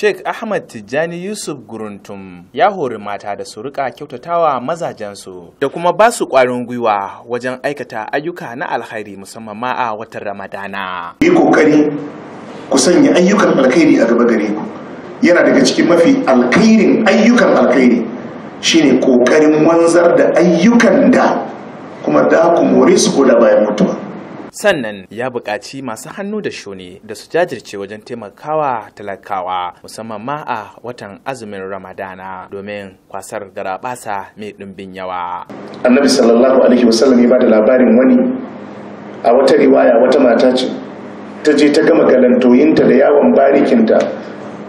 Sheikh Ahmad Tijjani Yusuf Guruntum ya hori mata da su rika kyautatawa mazajensu da kuma ba su ƙwarin gwiwa wajen aikata ayyuka na alkhairi musamman ma a watan Ramadana. Yi kokari ku sanya ayyukan alkhairi a gaba gare ku. Yana daga cikin mafi alkhairin ayyukan alkhairi shine kokarin wanzar da ayyukan da kuma da ku more su ko da bayan mutuwa. sannan ya buƙaci masu hannu da shuni da su jajirce wajen taimakawa talakawa musamman ma a watan azumin ramadana domin kwasar garaɓasa mai ɗumbin yawa annabi sallallahu alaihi wasallam ya ba da labarin wani a wata riwaya wata mata ce ta je ta gama galantoyinta da yawon barikinta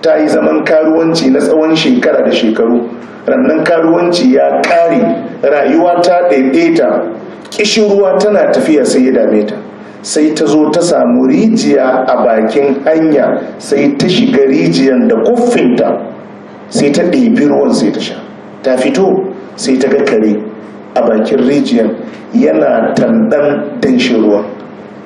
ta yi zaman karuwanci na tsawon shekara da shekaru rannan karuwanci ya kare rayuwa ta ɗaiɗaita ruwa tana tafiya sai ya dame ta sai ta zo ta samu rijiya a bakin hanya sai ta shiga rijiyan da kuffinta sai ta ɗebi ruwan sai ta sha ta fito sai ta ga kare a bakin rijiyan yana tandan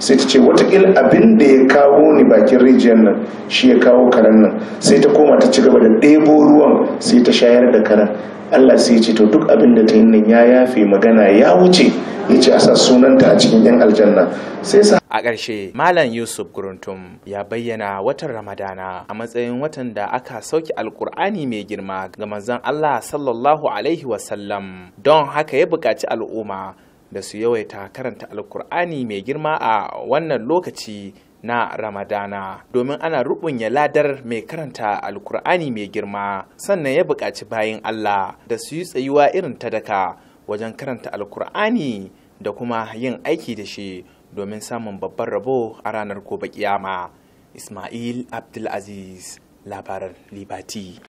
sai ta ce watakila abin da ya kawo ni bakin rijiyar nan shi ya kawo karen nan sai ta koma ta ci gaba da ɗebo ruwan sai ta shayar da karen allah sai ce to duk abin da ta yi nan ya yafe magana ya wuce ya ce a sa sunanta a cikin yan aljanna sai sa a ƙarshe malam yusuf guruntum ya bayyana watan ramadana a matsayin watan da aka sauke alkur'ani mai girma ga manzon allah sallallahu alaihi wasallam don haka ya buƙaci al'umma da su yawaita karanta alkur'ani mai girma a wannan lokaci na ramadana domin ana rubunya ladar mai karanta alkur'ani mai girma sannan ya buƙaci bayan allah da su yi tsayuwa irin ta daka wajen karanta alkur'ani da kuma yin aiki da shi domin samun babban rabo a ranar gobe kiyama ismail abdulaziz labaran libati